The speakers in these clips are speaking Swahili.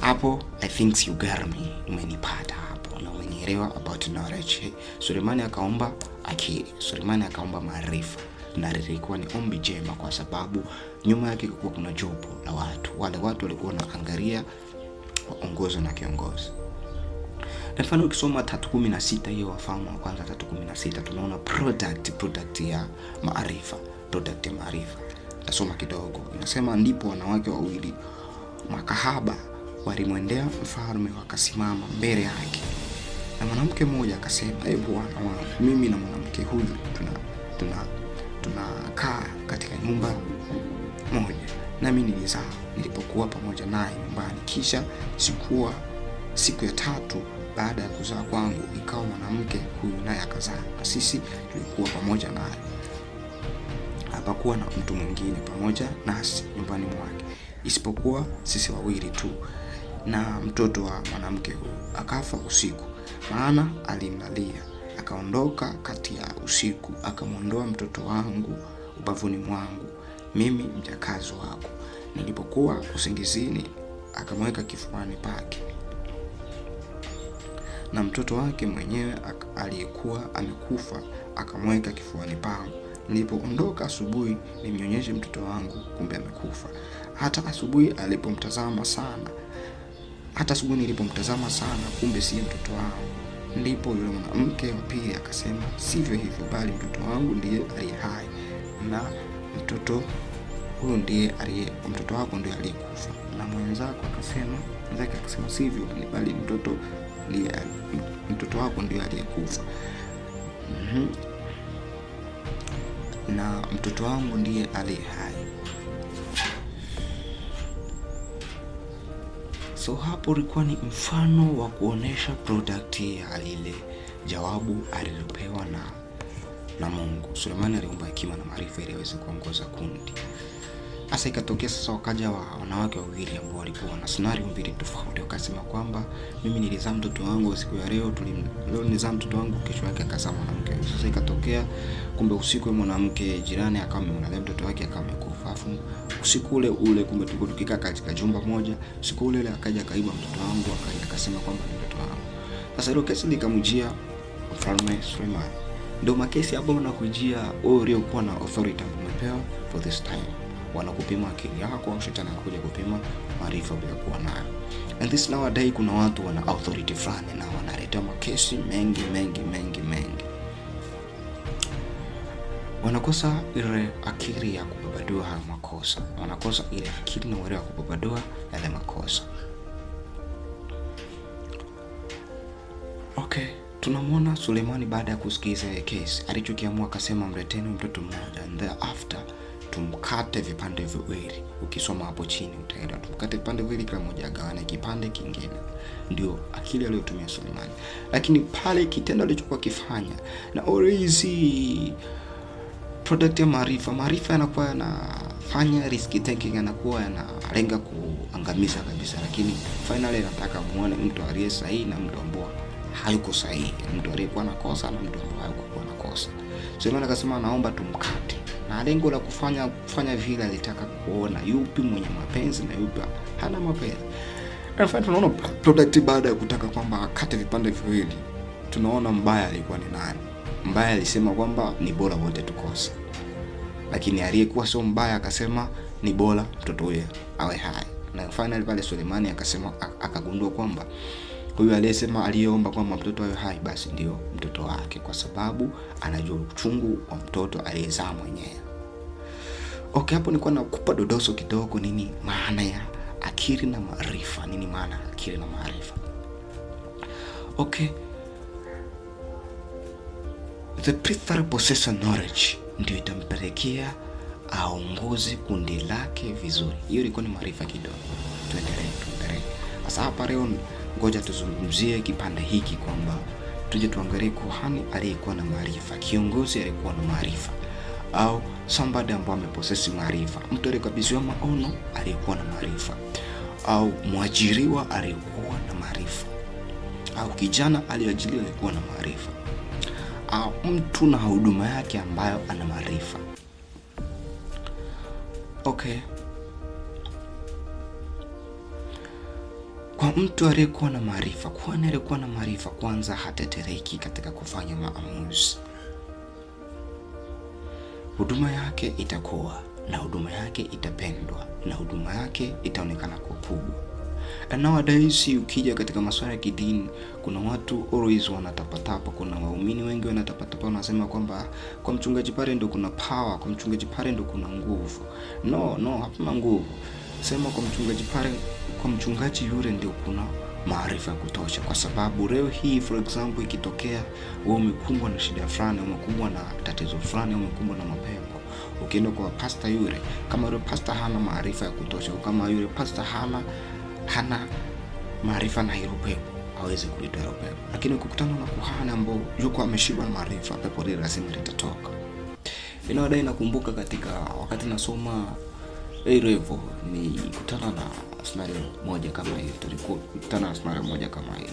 hapo I think you got me, umenipata hapo na umenielewa about knowledge. Sulemani akaomba akili, Sulemani akaomba maarifa na lilikuwa ni ombi jema, kwa sababu nyuma yake kulikuwa kuna jopo la watu. Wale watu walikuwa wanaangalia waongozwe na kiongozi. Na ukisoma tatu kumi na sita hiyo Wafalme wa kwanza tatu kumi na sita tunaona product product ya maarifa, product ya maarifa. Tasoma kidogo, inasema ndipo wanawake wawili makahaba walimwendea mfalme wakasimama mbele yake, na mwanamke mmoja akasema, e bwana wangu, mimi na mwanamke huyu tuna tunakaa tuna katika nyumba moja, nami nilizaa nilipokuwa pamoja naye nyumbani. Kisha sikuwa siku ya tatu baada ya kuzaa kwangu, ikawa mwanamke huyu naye akazaa, na sisi tulikuwa pamoja naye, hapakuwa na mtu mwingine pamoja nasi nyumbani mwake isipokuwa sisi wawili tu na mtoto wa mwanamke huyu akafa usiku, maana alimlalia. Akaondoka kati ya usiku, akamwondoa mtoto wangu ubavuni mwangu, mimi mjakazi wako, nilipokuwa usingizini, akamweka kifuani pake na mtoto wake mwenyewe aliyekuwa amekufa akamweka kifuani pangu. Nilipoondoka asubuhi, nimnyonyeshe mtoto wangu, kumbe amekufa. Hata asubuhi alipomtazama sana hata asubuhi nilipomtazama sana, kumbe siye mtoto wao. Ndipo yule mwanamke wa pili akasema, sivyo hivyo, bali mtoto wangu ndiye aliye hai na mtoto huyo ndiye aliye mtoto wako ndiye aliyekufa. Na mwenzako akasema, mwenzake akasema, sivyo, bali mtoto ndiye mtoto wako ndiye aliyekufa. mm -hmm. na mtoto wangu ndiye aliye hai. So hapo ulikuwa ni mfano wa kuonesha product ya lile jawabu alilopewa na na Mungu. Sulemani aliomba hekima na maarifa ili aweze kuongoza kundi. Sasa ikatokea sasa wakaja wa wanawake wawili ambao walikuwa na scenario mbili tofauti, wakasema kwamba mimi nilizaa mtoto wangu siku ya leo, tulim, leo nilizaa mtoto wangu, kesho yake akazaa mwanamke. Sasa ikatokea kumbe usiku mwanamke jirani akawa amelea mtoto wake akawa alafu usiku ule ule, kumbe tulikuwa tukikaa katika jumba moja, usiku ule ule akaja akaiba mtoto wangu, akaja akasema kwamba ni mtoto wangu. Sasa hilo kesi likamjia Mfalme Suleiman. Ndio makesi hapo na kujia wewe ulio kuwa na authority umepewa for this time, wanakupima akili yako, au shetani anakuja kupima maarifa bila kuwa nayo. And this nowadays, kuna watu wana authority fulani na wanaleta makesi mengi mengi mengi mengi wanakosa ile akili ya kubabadua hayo makosa, wanakosa ile akili na uelewa wa kubabadua yale makosa. Okay, tunamwona suleimani baada ya kusikiza ile kesi, alichokiamua akasema, mleteni mtoto mmoja, and thereafter tumkate vipande viwili. Ukisoma hapo chini utaenda tumkate vipande viwili, kila moja agawane kipande kingine. Ndio akili aliyotumia suleimani lakini pale kitendo alichokuwa kifanya na orizi product ya maarifa. Maarifa yanakuwa yanafanya risk taking, yanakuwa yanalenga kuangamiza kabisa, lakini finally nataka muone mtu aliye sahihi na mtu ambao hayuko sahihi, mtu aliyekuwa na kosa na mtu ambao hakukuwa na kosa. Suleiman akasema naomba tumkate, na lengo la kufanya kufanya vile alitaka kuona yupi mwenye mapenzi na yupi hana mapenzi. In fact, tunaona product baada ya kutaka kwamba akate vipande viwili, tunaona mbaya alikuwa ni nani mbaya alisema kwamba ni bora wote tukose, lakini aliyekuwa sio mbaya akasema ni bora mtoto huyo awe hai, na finally pale Sulemani akasema, akagundua kwamba huyu aliyesema aliyeomba kwamba mtoto awe hai basi ndio mtoto wake, kwa sababu anajua uchungu wa mtoto aliyezaa mwenyewe. Okay, hapo nilikuwa nakupa dodoso kidogo, nini maana ya akili na maarifa. Nini maana akili na maarifa? Okay. The prefer Possessor Knowledge ndio itampelekea aongoze kundi lake vizuri. Hiyo ilikuwa ni maarifa kidogo. Tuendelee, tuendelee. Sasa hapa leo, ngoja tuzungumzie kipande hiki kwamba tuje tuangalie kuhani aliyekuwa na maarifa, kiongozi aliyekuwa na maarifa au somebody ambaye ameposesi maarifa, mtu aliyekabidhiwa maono aliyekuwa na maarifa, au mwajiriwa aliyekuwa na maarifa, au kijana aliyoajiriwa aliyekuwa na maarifa au ah, mtu na huduma yake ambayo ana maarifa. Okay, kwa mtu aliyekuwa na maarifa, kwani aliyekuwa na maarifa kwanza hatetereki katika kufanya maamuzi. Huduma yake itakuwa na huduma yake itapendwa na huduma yake itaonekana kwa kubwa. And nowadays ukija katika masuala ya kidini, kuna watu always wanatapatapa, kuna waumini wengi wanatapatapa, wanasema kwamba kwa mchungaji pale ndo kuna power, kwa mchungaji pale ndo kuna nguvu. No, no, hapana nguvu, sema kwa mchungaji pale, kwa mchungaji yule ndio kuna maarifa ya kutosha, kwa sababu leo hii for example, ikitokea wewe umekumbwa na shida fulani, umekumbwa na tatizo fulani, umekumbwa na mapepo, ukienda kwa pasta yule, kama yule pasta hana maarifa ya kutosha, kama yule pasta hana hana maarifa na hilo pepo hawezi kulitoa hilo pepo, lakini ukikutana na kuhani ambao yuko ameshiba na maarifa, pepo lile lazima litatoka. Ila wadai, nakumbuka katika wakati nasoma Erevo eh, kutana na scenario moja kama hiyo, tulikutana na scenario moja kama hiyo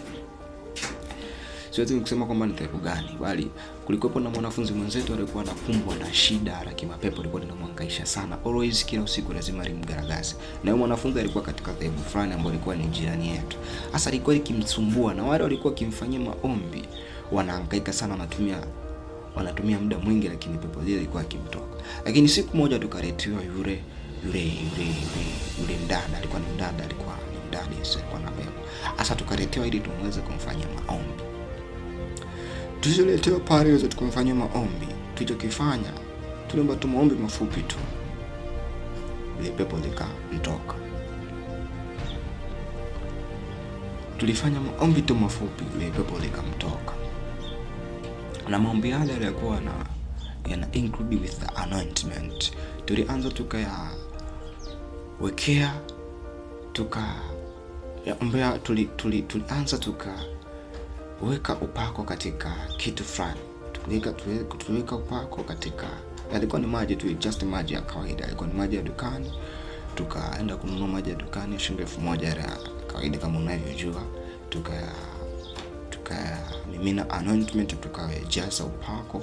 siwezi kusema kwamba ni dhehebu gani, bali kulikuwepo na mwanafunzi mwenzetu alikuwa anakumbwa na shida la kimapepo, alikuwa linamhangaisha sana always, kila usiku lazima limgaragaze. Na yule mwanafunzi alikuwa katika dhehebu fulani ambayo ilikuwa ni jirani yetu, hasa alikuwa ikimsumbua, na wale walikuwa wakimfanyia maombi wanahangaika sana, wanatumia wanatumia muda mwingi, lakini pepo zile ilikuwa akimtoka. Lakini siku moja tukaletewa yule yule yule yule ndada alikuwa ni ndada alikuwa ni mdada, alikuwa na pepo hasa. Tukaletewa ili tumweze kumfanyia maombi pale weza tukamfanyia maombi. Tulichokifanya tuliomba tu maombi mafupi tu, ile pepo likamtoka. Tulifanya maombi tu mafupi, ile pepo likamtoka, na maombi yale yalikuwa na yana include with the anointment. Tulianza tukayawekea tuka yaombea, tulianza tuli, tuli, tulianza tuka weka upako katika kitu fulani tuliweka upako katika yalikuwa ni maji tu just maji ya kawaida alikuwa ni maji ya dukani tukaenda kununua maji ya dukani shilingi elfu moja ya kawaida kama unavyojua tuka tukamimina anointment tukajaza upako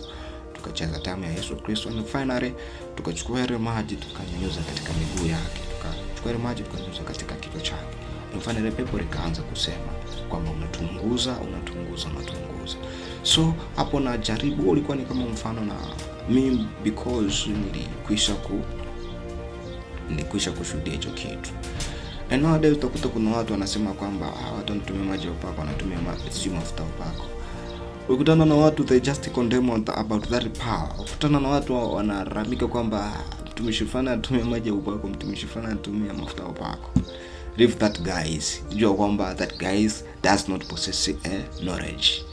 tukajaza damu ya yesu kristo and finally tukachukua yale maji tukanyunyuza katika miguu yake tukachukua yale maji tukanyunyuza katika kichwa chake mfano ile pepo likaanza kusema kwamba unatunguza unatunguza unatunguza so hapo najaribu ulikuwa ni kama mfano na mi because nilikwisha ku nilikwisha kushuhudia hicho kitu nd utakuta kuna watu wanasema kwamba ah, watu wanatumia maji ya upako wanatumia sijui mafuta upako ukutana na watu they just about that power ukutana na watu wanaramika kwamba ah, mtumishi fulani anatumia maji ya upako mtumishi fulani anatumia mafuta ya upako leave that guys, jua kwamba that guys does not possess a eh, knowledge.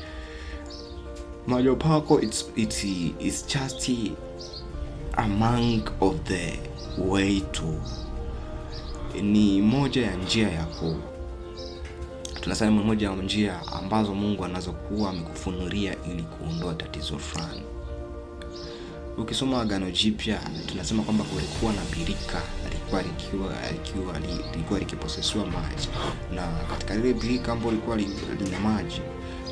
majopako it's, it's, it's just among of the way to ni moja ya njia ya ku tunasema moja ya njia ambazo Mungu anazokuwa amekufunuria ili kuondoa tatizo fulani. Ukisoma Agano Jipya tunasema kwamba kulikuwa na birika alikuwa alikuwa alikuwa likiposesiwa maji, na katika lile birika ambalo lilikuwa lina maji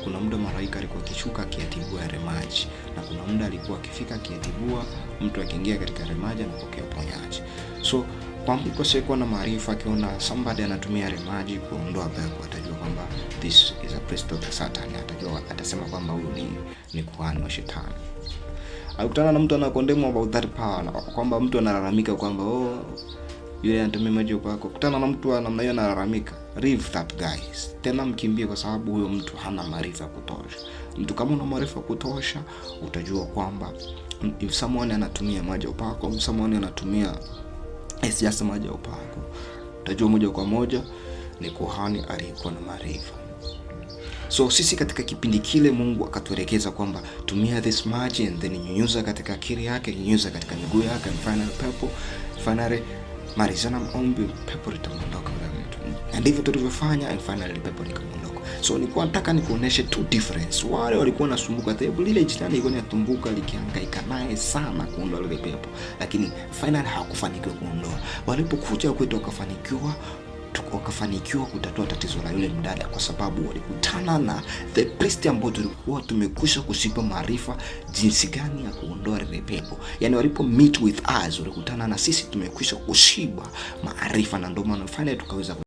kuna muda malaika alikuwa akishuka akiatibua yale maji, na kuna muda alikuwa akifika akiatibua, mtu akiingia katika yale maji anapokea ponyaji. So kwa mko kosekuwa na maarifa, akiona somebody anatumia yale maji kuondoa pepo, atajua kwamba this is a priest of Satan, atajua atasema kwamba huyu ni, ni kuhani wa shetani. Alikutana na mtu anakondemwa about that power, kwamba mtu analalamika kwamba oh yule anatumia maji kwako. Kutana na mtu namna hiyo analalamika, leave that guy, tena mkimbie, kwa sababu huyo mtu hana maarifa ya kutosha. Mtu kama una maarifa ya kutosha, utajua kwamba if someone anatumia maji upako, if someone anatumia it's just maji upako, utajua moja kwa moja ni kuhani aliyekuwa na maarifa. So sisi katika kipindi kile Mungu akatuelekeza kwamba tumia this maji and then nyunyuza katika akili yake, nyunyuza katika miguu yake and final purple, finally Marizana maombi pepo litamondoka yule mtu. Na ndivyo tulivyofanya and finally pepo likamondoka. So nilikuwa nataka nikuoneshe two difference. Wale walikuwa nasumbuka dhehebu lile jitani lilikuwa linatumbuka likihangaika naye sana kuondoa lile pepo. Lakini finally hawakufanikiwa kuondoa. Walipokuja kwetu wakafanikiwa wakafanikiwa kutatua tatizo la yule mdada, kwa sababu walikutana na the priest ambao tulikuwa tumekusha kushipa maarifa jinsi gani ya kuondoa lile pepo. Yani walipo meet with us, walikutana na sisi tumekwisha kushiba maarifa, na ndio maana tukaweza